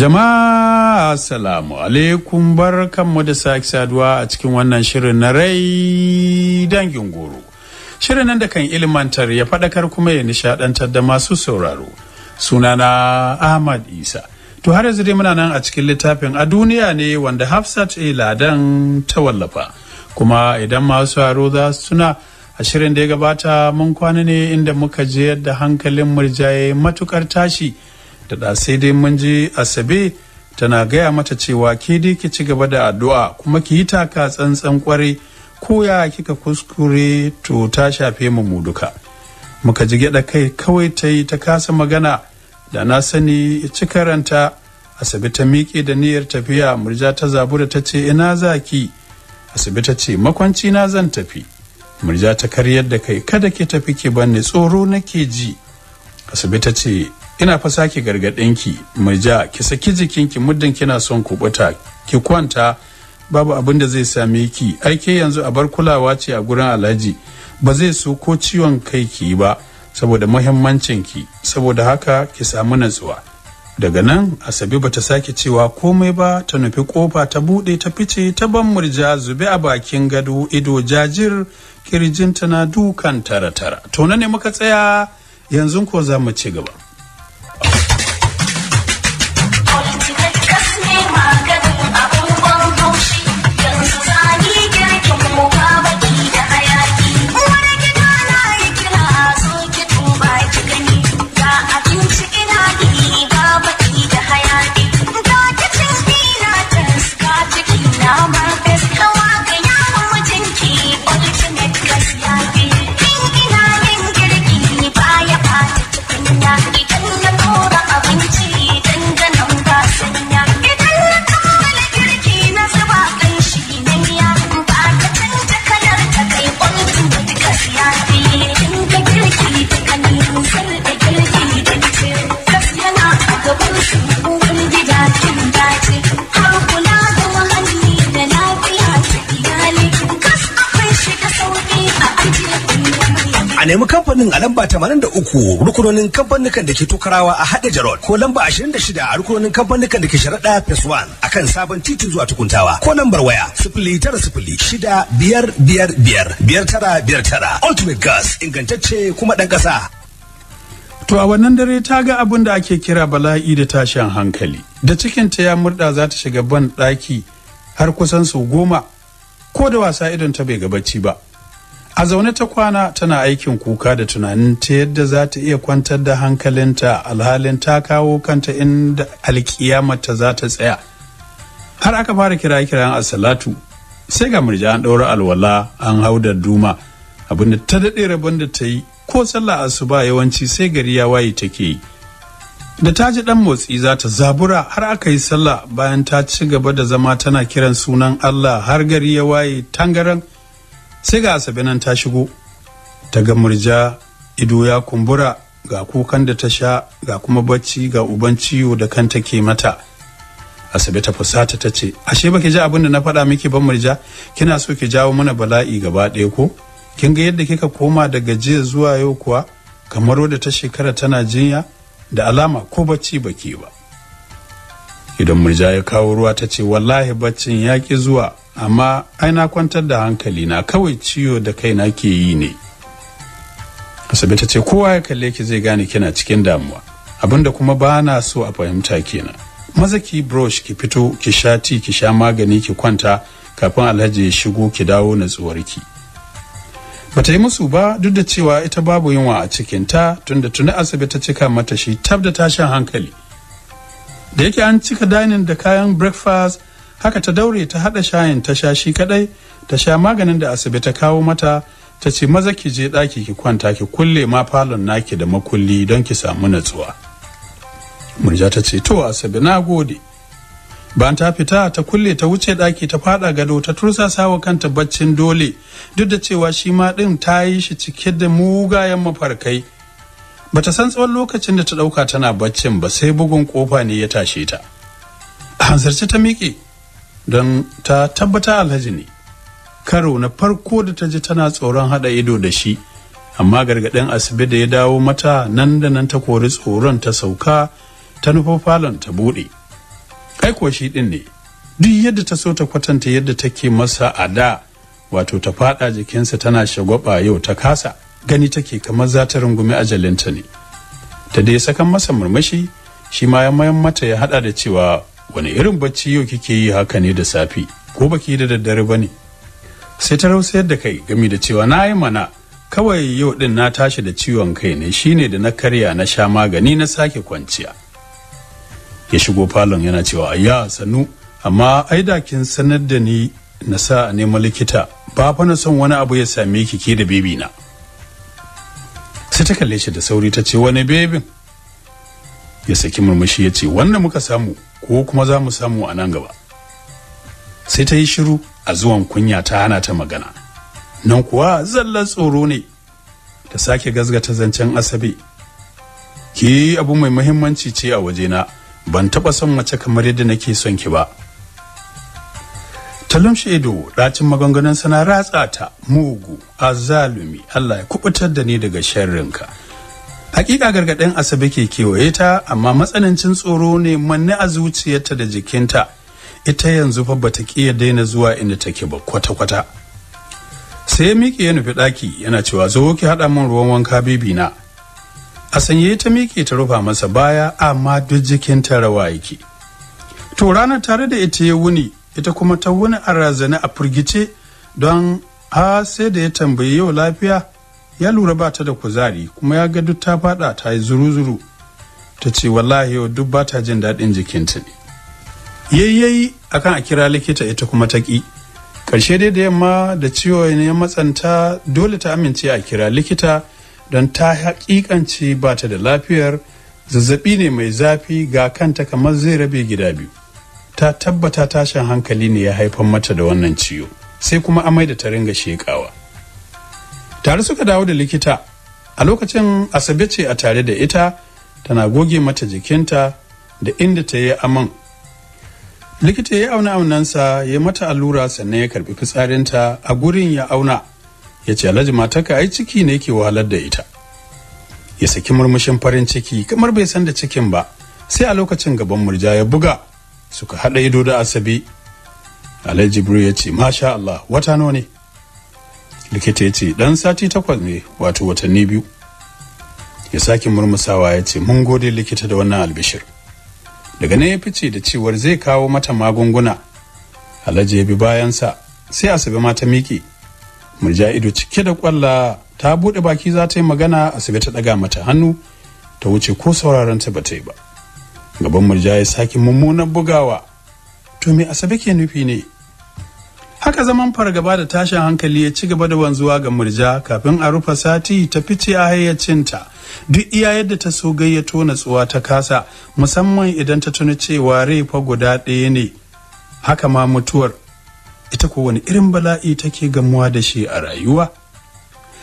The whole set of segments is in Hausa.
Jama'a Assalamu alaikum bar kanmu da sake saduwa a cikin wannan shirin na rai dangin goro. Shirin nan da kan ilmantar ya faɗakar kuma ya nishaɗantar da masu sauraro. Sunana Ahmad Isa. To har yanzu dai muna nan a cikin littafin a duniya ne wanda Hafsat A. Ladan ta wallafa. Kuma idan masu haro za su tuna a shirin da ya gabata mun kwana ne inda muka je yadda hankalin murjaye matukar tashi. da sai dai mun ji asabe tana gaya mata cewa ke dai ki ci gaba da addu'a kuma ki yi taka tsantsan kwarai ko ya kika kuskure to ta shafe mu mu duka muka ji gyada kai kawai ta yi ta kasa magana da na sani ci karanta asabe ta miƙe da niyyar tafiya murja ta zabura ta ce ina zaki asabe ta ce makwanci na zan tafi murja ta karyar da kai kada ki tafi ke banne tsoro nake ji asabe ta ce ina fa sake gargaɗin ki mai ja ki saki jikin ki muddin kina son kubuta ki kwanta babu abin da zai same ki aike yanzu a bar kulawa ce a gurin alhaji ba zai so ko ciwon kai ki ba saboda muhimmancin ki saboda haka ki samu natsuwa daga nan asabe bata sake cewa komai ba ta nufi kofa ta bude ta fice ta ban murja zube a bakin gado ido jajir kirjin ta na dukan tara tara to ne muka tsaya yanzu ko za mu ci gaba kamfanin a lamba 83 rukunonin kamfanin da ke tukarawa a haɗe jarot ko lamba 26 a rukunonin kamfanin da ke sharaɗa fes 1 akan sabon titin zuwa tukuntawa ko lambar waya 090655555959 ultimate gas ingantacce kuma ɗan ƙasa. To a wannan dare ta ga abun da ake kira bala'i da tashin hankali da cikin ta ya murda za ta shiga ban ɗaki har kusan sau goma ko da wasa idan ta bai gabaci ba. a zaune ta kwana tana aikin kuka da tunanin ta yadda za ta iya kwantar da hankalinta alhalin ta kawo kanta inda alkiyamata za ta tsaya har aka fara kira kiran asalatu sai ga murja an ɗaura alwala an hau da duma abinda ta daɗe rabon da ta yi ko sallah asuba yawanci sai gari ya waye take yi da ta ji ɗan motsi za ta zabura har aka yi sallah bayan ta ci gaba da zama tana kiran sunan Allah har gari ya waye tangaran sai ga asabe nan ta shigo ta ga murja ido ya kumbura ga kukan da ta sha ga kuma bacci ga uban ciwo da kanta ke mata asabe ta fusata ta ce ashe baki ji abin da na faɗa miki ban murja kina so ki jawo mana bala'i gaba ɗaya ko kin ga yadda kika koma daga jiya zuwa yau kuwa kamar wadda ta shekara tana jinya da alama ko bacci baki ba idan murja ya kawo ruwa ta ce wallahi baccin ya ki zuwa amma ai na kwantar da hankali na kawai ciwo da kaina ke yi ne asabe ta ce kowa ya kalle ki zai gane kina cikin damuwa abinda kuma ba na so a fahimta kenan maza ki brush ki fito ki sha ti ki sha magani ki kwanta kafin alhaji ya shigo ki dawo na ki bata yi musu ba duk da cewa ita babu yunwa a cikinta tunda tuni asabe ta cika mata shi tab da tashin hankali da yake an cika dining da kayan breakfast haka ta daure ta haɗa shayin ta sha shi kaɗai ta sha maganin da asibi ta kawo mata ta ce maza ki je ɗaki ki kwanta ki kulle ma falon naki da makulli don ki samu natsuwa murja ta ce to asibi na gode ban ta fita ta kulle ta wuce ɗaki ta faɗa gado ta tursa sawa kanta baccin dole duk da cewa shi ma din ta yi shi cike da mugayen mafarkai bata san tsawon lokacin da ta dauka tana baccin ba sai bugun kofa ne ya tashe ta hansarci ta miƙe don ta tabbata alhaji ne karo na farko da ta ji tana tsoron hada ido da shi amma gargaɗin asibi da ya dawo mata nan da nan ta kori tsoron ta sauka ta nufo falon ta buɗe kai kuwa shi ɗin ne duk yadda ta so ta kwatanta yadda take masa a da wato ta faɗa jikinsa tana shagwaba yau ta kasa gani take kamar za ta rungumi ajalinta ne ta dai sakan masa murmushi shi ma ya mayan mata ya hada da cewa wani irin bacci yau kike yi haka ne da safi ko baki da daddare bane sai ta rausayar da kai gami da cewa na yi mana kawai yau din na tashi da ciwon kai ne shine da na karya na sha magani na sake kwanciya ya shigo falon yana cewa ayya sannu amma ai da kin sanar da ni na sa a neman likita ba fa na son wani abu ya same ki ke da bebi na sai ta kalle shi da sauri ta ce wani bebin ya saki murmushi ya ce wanda muka samu ko kuma za mu samu a nan gaba sai ta yi shiru a zuwan kunya ta hana ta magana nan kuwa zallar tsoro ne ta sake gazgata zancen asabe ki abu mai muhimmanci ce a wajena ban taɓa son mace kamar yadda nake son ki ba Salum Shedo ɗacin maganganun sana ratsa ta mugu zalumi, Allah ya kubutar da ni daga sharrinka. Hakika gargaɗin Asabe ke kewaye ta amma matsanancin tsoro ne manne a zuciyarta da jikinta ita yanzu fa bata kiya daina zuwa inda take ba kwata-kwata. Sai miki ya nufi ɗaki yana cewa zo ki haɗa min ruwan wanka bibi na. A sanye ta miƙe ta rufa masa baya amma duk jikinta rawa yake. To ranar tare da ita ya wuni ita kuma ta wani a a firgice don ha sai da ya tambayi yau lafiya ya lura ba ta da kuzari kuma ya ga duk ta fada ta yi zuru-zuru ta ce wallahi yau duk ba ta jin daɗin jikinta ne yayyayi akan a kira likita ita kuma ta ƙi ƙarshe dai da yamma da ciwo ne ya matsanta dole ta amince a kira likita don ta haƙiƙance ba ta da lafiyar zazzaɓi ne mai zafi ga kanta kamar zai rabe gida biyu ta tabbata tashin hankali ne ya haifar mata da wannan ciwo sai kuma amai da ta ringa shekawa tare suka dawo da likita a lokacin asabe ce a tare da ita tana goge mata jikinta da inda ta yi aman likita ya auna aunansa ya mata allura sannan ya karbi fitsarinta a gurin ya auna ya ce alhaji mataka ai ciki ne ke wahalar da ita ya saki murmushin farin ciki kamar bai san da cikin ba sai a lokacin gaban murja ya buga suka haɗa ido da asabi alai jibril ya ce masha allah wata nawa ne likita ya ce ɗan sati takwas ne wato watanni biyu ya sake murmusawa ya ce mun gode likita da wannan albishir daga nan ya fice da cewar zai kawo mata magunguna alhaji ya bi bayansa sai asabe ma ta miƙe murja ido cike da kwalla ta buɗe baki za ta yi magana asabe ta ɗaga mata hannu ta wuce ko sauraron ta ba ta yi ba gaban murja ya sake mummunan bugawa to me asabe ke nufi ne haka zaman fargaba da tashin hankali ya ci gaba da wanzuwa ga murja kafin a rufe sati ta fice a hayyacinta duk iya yadda ta so gayyato natsuwa ta kasa musamman idan ta tuna cewa rai guda ɗaya ne haka ma mutuwar ita ko wani irin bala'i take gamuwa da shi a rayuwa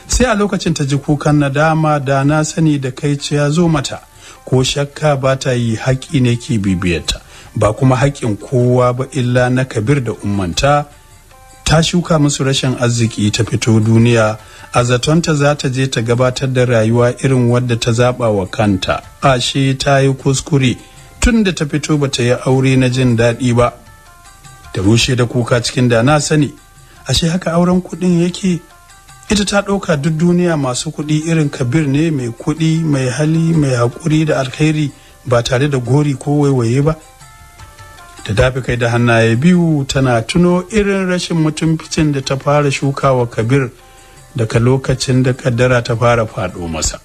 sai a lokacin ta ji kukan nadama da na sani da kai ya zo mata ko shakka ba ta yi haƙi ne ke bibiyarta ba kuma haƙƙin kowa ba illa na kabir da ummanta ta shuka musu rashin arziki ta fito duniya a zatonta za ta je ta gabatar da rayuwa irin wadda ta zaɓa wa kanta ashe ta yi kuskure tun da ta fito ba ta yi aure na jin daɗi ba ta rushe da kuka cikin da na sani ashe haka auren kuɗin yake ita ta ɗauka duk duniya masu kuɗi irin kabir ne mai kuɗi mai hali mai haƙuri da alkhairi ba tare da gori ko waiwaye ba da dafi kai da hannaye biyu tana tuno irin rashin mutumficin da ta fara shuka wa kabir daga lokacin da kaddara ta fara faɗo masa.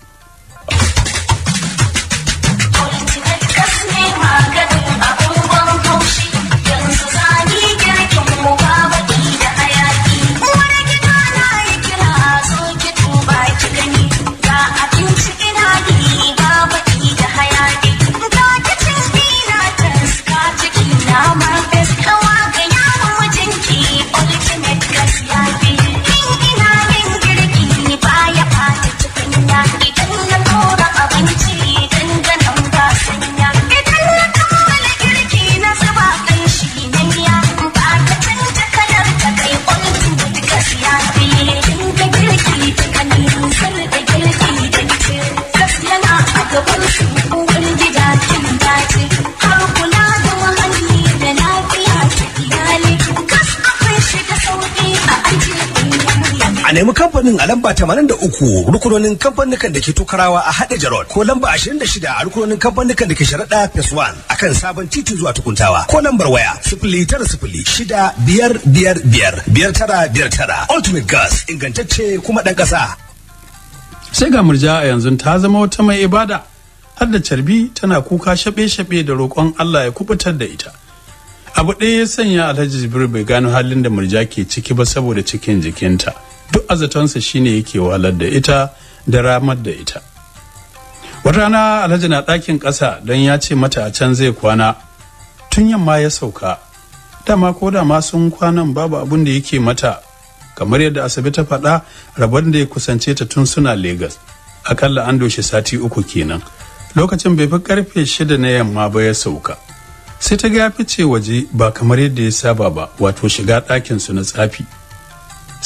lamba 83 rukunonin kamfanin da ke tokarawa a haɗe jarot ko lamba 26 a rukunonin kamfanin da ke sharaɗa phase 1 kan sabon titin zuwa tukuntawa ko lambar waya 0906555599 ultimate gas ingantacce kuma ɗan ƙasa. sai ga murja a yanzu ta zama wata mai ibada har da carbi tana kuka shaɓe-shaɓe da roƙon Allah ya kubutar da ita. abu ɗaya ya sanya alhaji jibril bai gano halin da murja ke ciki ba saboda cikin jikinta duk azatansa shine yake wahalar da ita da ramar da ita wata rana alhaji na ɗakin ƙasa don ya ce mata a can zai kwana tun yamma ya sauka dama ko dama ma sun kwanan babu abin da yake mata kamar yadda asabe ta faɗa rabon da ya kusance ta tun suna Legas. akalla an doshi sati uku kenan lokacin bai fi karfe shida na yamma ba ya sauka sai ta ga ya fice waje ba kamar yadda ya saba ba wato shiga ɗakinsu na tsafi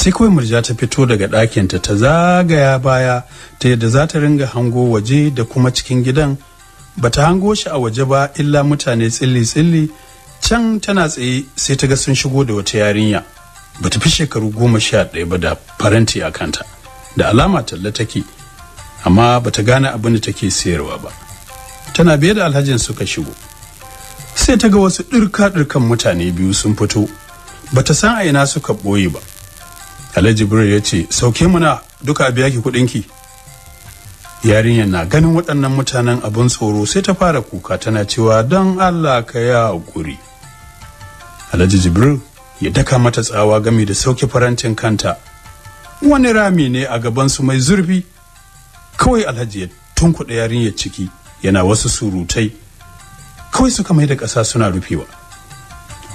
sai kawai murja ta fito daga ɗakinta ta zagaya baya ta yadda za ta ringa hango waje da kuma cikin gidan ba ta hango shi a waje ba illa mutane tsilli-tsilli can tana tsaye sai ta ga sun shigo da wata yarinya ba ta fi shekaru goma sha ɗaya ba da faranti a kanta da alama talla take amma ba ta gane abin da take sayarwa ba tana biye da alhajin suka shigo sai ta ga wasu ɗirka-ɗirkan mutane biyu sun fito ba ta san a ina suka ɓoye ba alhaji jibril ya ce sauke muna duka biya ki kuɗinki yarinyar na ganin waɗannan mutanen abin tsoro sai ta fara kuka tana cewa don allah ka ya hakuri alhaji jibril ya daka mata tsawa game da sauke farantin kanta wani rami ne a gaban su mai zurfi kawai alhaji ya tunkuɗa yarinyar ciki yana wasu surutai kawai suka mai da ƙasa suna rufewa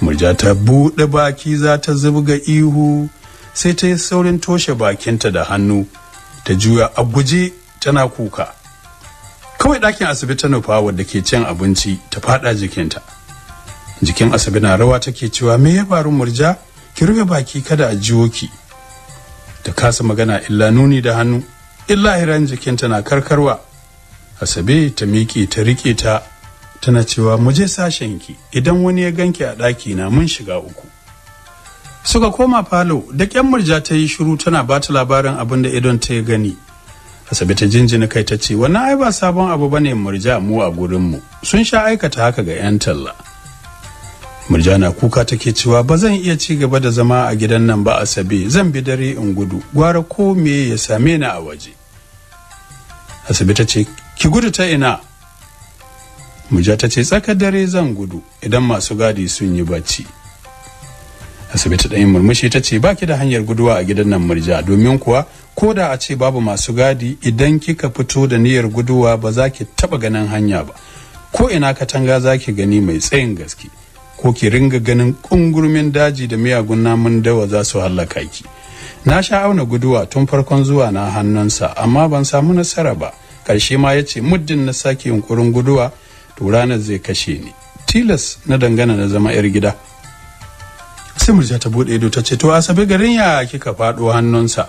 murja ta buɗe baki za ta zubga ihu sai ta yi saurin toshe bakinta da hannu ta juya a guje tana kuka kawai ɗakin asibi ta nufa wadda ke cin abinci ta faɗa jikinta jikin asibi na rawa take cewa me ya faru murja ki rufe baki kada a jiwo ki ta kasa magana illa nuni da hannu illa hiran jikinta na karkarwa asabe ta miƙe ta riƙe ta tana cewa mu je sashen ki, idan wani ya ganki a ɗaki na mun shiga uku suka koma falo da ƙyan murja ta yi shiru tana ba ta labarin abin da idon ta ya gani asabe ta jinjina kai ta ce wannan ai ba sabon abu ba ne murja mu a gurinmu sun sha aikata haka ga 'yan talla murja na kuka take cewa ba zan iya ci gaba da zama a gidan nan ba asabe zan bi dare in gudu gwara ko me ya same ni a waje asabe ta ce ki gudu ta ina murja ta ce tsakar dare zan gudu idan masu gadi sun yi bacci asibiti ɗayan murmushi ta ce baki da hanyar guduwa a gidan nan murja domin kuwa ko da a ce babu masu gadi idan kika fito da niyyar guduwa ba za ki taɓa ganin hanya ba ko ina katanga za ki gani mai tsayin gaske ko ki ringa ganin ƙungurmin daji da miyagun namun dawa za su hallaka ki na sha auna guduwa tun farkon zuwa na hannunsa amma ban samu nasara ba ƙarshe ma ya ce muddin na sake yunkurin guduwa to ranar zai kashe ni tilas na dangana na zama 'yar gida sai murja ta bude ido ta ce to asabe garin ya kika faɗo hannunsa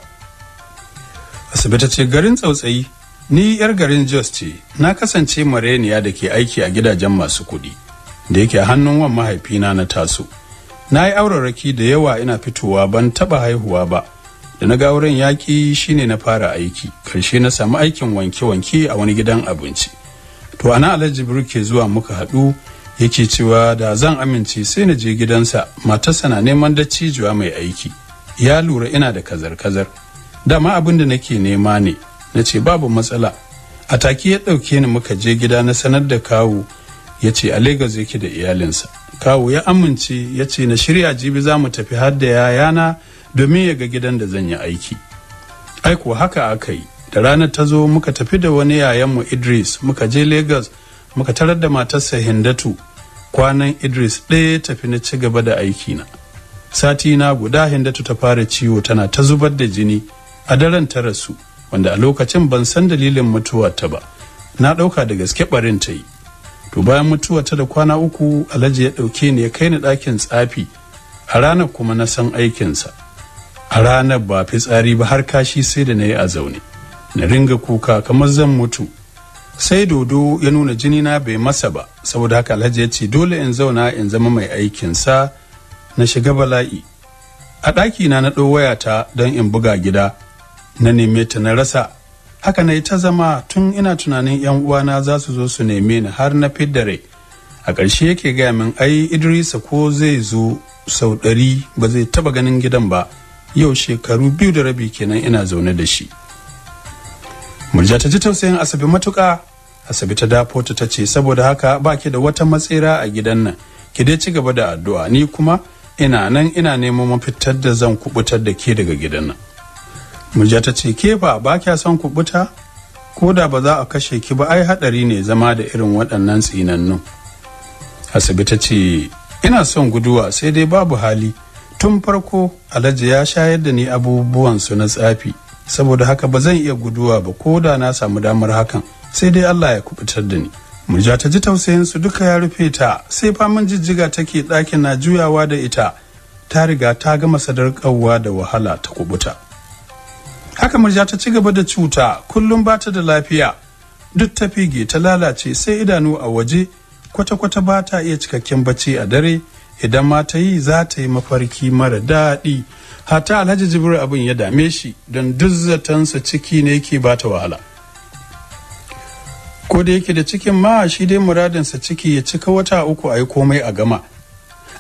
asabe ta ce garin tsautsayi ni yar garin jos ce na kasance mareniya da ke aiki a gidajen masu kuɗi da yake a hannun wan mahaifina na taso na yi auraraki da yawa ina fitowa ban taɓa haihuwa ba da na gauren yaƙi shine na fara aiki karshe na samu aikin wanke-wanke a wani gidan abinci to ana alhaji ke zuwa muka haɗu yake cewa da zan amince sai na je gidansa matarsa na neman dattijuwa mai aiki ya lura ina da kazar-kazar dama abin da nake nema ne na ce babu matsala a take ya ɗauke ni muka je gida na sanar da kawu ya ce a lagos yake da iyalinsa kawu ya amince ya ce na shirya jibi za mu tafi har da yayana domin ya ga gidan da zan yi aiki aiko haka aka yi da ranar ta zo muka tafi da wani yayanmu idris muka je Legas. muka tarar da matarsa hindatu kwanan idris ɗaya tafi na ci gaba da aikina sati na guda hindatu ta fara ciwo tana ta zubar da jini a daren ta rasu wanda a lokacin ban san dalilin mutuwa ta ba na ɗauka da gaske ɓarin ta yi to bayan mutuwa ta da kwana uku alhaji ya ɗauke ni ya kai ni ɗakin tsafi a ranar kuma na san aikinsa a ranar ba fitsari ba har kashi sai da na yi a zaune na ringa kuka kamar zan mutu sai dodo ya nuna jini na bai masa ba saboda haka alhaji ya ce dole in zauna in zama mai aikinsa na shiga bala'i a ɗaki na na ɗau wayata don in buga gida na neme ta na rasa haka na ta zama tun ina tunanin yan uwana za su zo su neme ni har na fiddare a ƙarshe yake gaya min ai idrisa ko zai zo sau ɗari ba zai taɓa ganin gidan ba yau shekaru biyu da rabi kenan ina zaune da shi murja ta ji tausayin asabe matuka. asabe ta dafo ta ce saboda haka ba ki da wata matsira a gidan nan ki dai ci gaba da addu'a ni kuma ina nan ina neman mafitar da zan kubutar da ke daga gidan nan murja ta ce ke ba ba kya son kubuta ko da ba za a kashe ki ba ai hadari ne zama da irin waɗannan tsinannun asabe ta ce ina son guduwa sai dai babu hali tun farko alhaji ya shayar da ni abubuwan su na tsafi saboda haka ba zan iya guduwa ba ko da na samu damar hakan sai dai Allah ya kubutar da ni murja ta ji tausayin su duka ya rufe ta sai faman jijjiga take ɗakin na juyawa da ita ta riga ta gama sadaukarwa da wahala ta kubuta haka murja ta ci gaba da cuta kullum ba ta da lafiya duk ta fige ta lalace sai idanu a waje kwata-kwata ba ta iya cikakken bacci a dare idan ma ta yi za ta yi mafarki mara daɗi hata alhaji jibril abin ya dame shi don duk ciki ne yake ba ta wahala ko da yake da cikin ma shi dai muradinsa ciki ya cika wata uku a yi komai a gama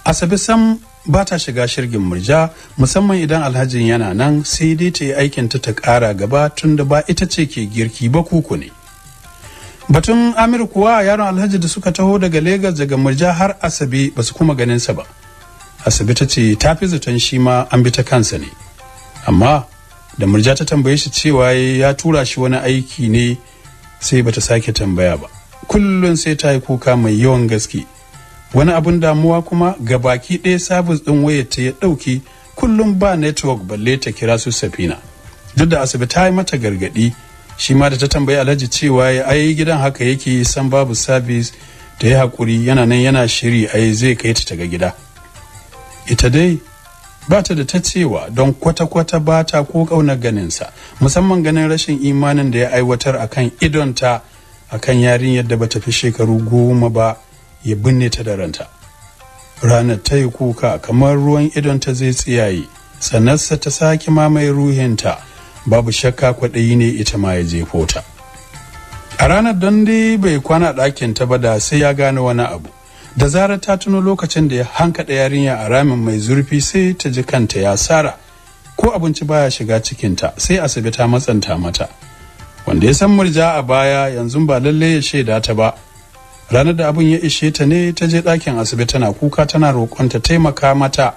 asabe sam ba ta shiga shirgin murja musamman idan alhajin yana nan sai dai ta yi aikin ta kara gaba tun da ba ita ce ke girki ba kuku ne batun amir kuwa yaron alhaji da suka taho daga Legas daga murja har asabe ba su kuma ganinsa ba asibiti ce ta fi zaton shi ma an bi ta kansa ne amma da murja ta tambaye shi cewa ya tura shi wani aiki ne sai bata sake tambaya ba kullum sai ta yi kuka mai yawan gaske wani abun damuwa kuma ga baki ɗaya sabis ɗin wayar ta ya ɗauki kullum ba network balle ta kira su safina duk da asibiti ta yi mata gargaɗi shi ma da ta tambayi alhaji cewa ya ai gidan haka yake san babu sabis ta yi haƙuri yana nan yana shiri ai zai kai ta daga gida ita dai ba ta da ta cewa don kwata-kwata ba ta ko ƙauna ganinsa musamman ganin rashin imanin da ya aiwatar a kan idonta a kan yarin yadda ba ta fi shekaru goma ba ya binne ta da ranta ranar ta yi kuka kamar ruwan idonta zai tsiyaye sanarsa ta sake mamaye ruhinta babu shakka kwaɗayi ne ita ma ya jefo ta a ranar don dai bai kwana ɗakin ta ba da sai ya gane wani abu da zarar ta tuno lokacin da ya hankaɗa yarinya a ramin mai zurfi sai ta ji kanta ya sara ko abinci baya shiga cikinta sai asibi ta matsanta mata wanda ya san murja a baya yanzu ba lalle ya shaida ta ba ranar da abin ya ishe ta ne ta je ɗakin asibiti tana kuka tana roƙon ta taimaka mata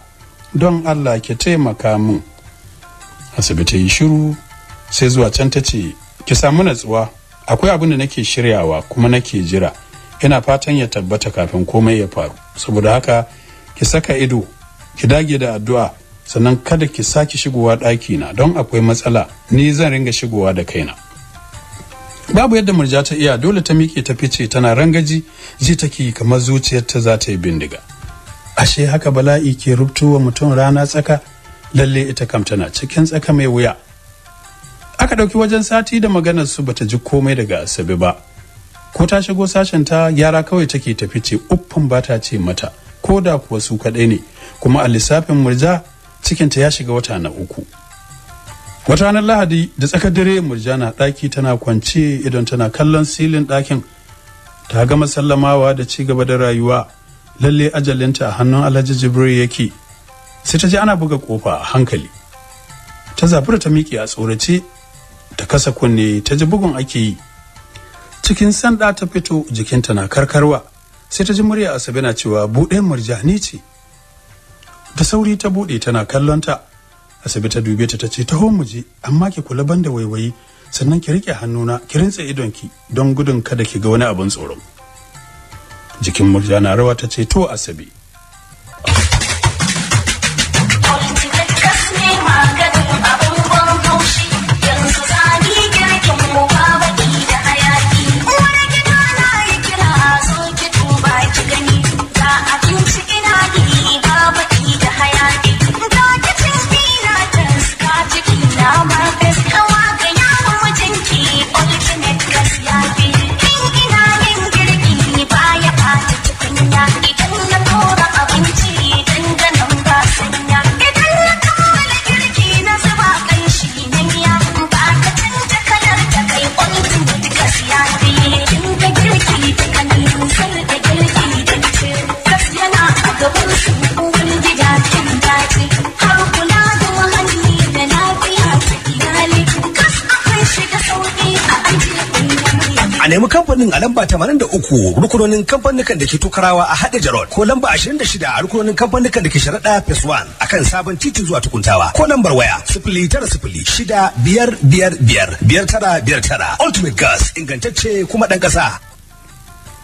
don allah ki taimaka min asibi ta yi shiru sai zuwa can ta ce ki samu natsuwa akwai abin da nake shiryawa kuma nake jira ina fatan ya tabbata kafin komai ya faru saboda haka ki saka ido ki dage da addu'a sannan kada ki sake shigowa ɗaki na don akwai matsala ni zan ringa shigowa da kaina babu yadda murja ta iya dole ta miƙe ta fice tana rangaji ji take kamar zuciyarta za ta yi bindiga ashe haka bala'i ke rubtowa mutum rana tsaka lalle ita kam tana cikin tsaka mai wuya aka ɗauki wajen sati da maganar su bata ji komai daga asabe ba ko ta shigo sashen ta yara kawai take tafi ce uffin ba ta ce mata ko da kuwa su kaɗai ne kuma a lissafin murja cikinta ya shiga wata na uku wata ranar lahadi da tsakar dare murja na ɗaki tana kwance idan tana kallon silin ɗakin ta gama sallamawa da ci gaba da rayuwa lalle ajalinta a hannun alhaji jibril yake sai ta ji ana buga kofa a hankali ta zafura ta miƙe a tsorace ta kasa kunne ta ji bugun ake yi cikin sanda ta fito jikinta na karkarwa sai ta ji murya asabe na cewa buɗe murjani ce da sauri ta buɗe tana kallonta asabe ta dube ta ce taho mu je amma ki kula banda waiwayi sannan ki rike hannuna ki rintse idonki don gudun kada ki ga wani abin tsoro jikin murja na rawa ta ce to asabe a nemi kamfanin a lamba 83 rukunonin kamfanin da ke tukarawa a haɗe jarod ko lamba 26 a rukunonin kamfanin da ke sharaɗa fes 1 kan sabon titin zuwa tukuntawa ko lambar waya tara ultimate gas ingantacce kuma ɗan ƙasa.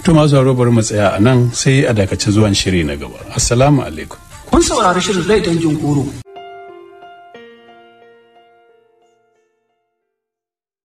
To masu bari mu a nan sai a dakaci zuwan shiri na gaba. Assalamu alaikum. Kun saurari shirin rai dangin goro.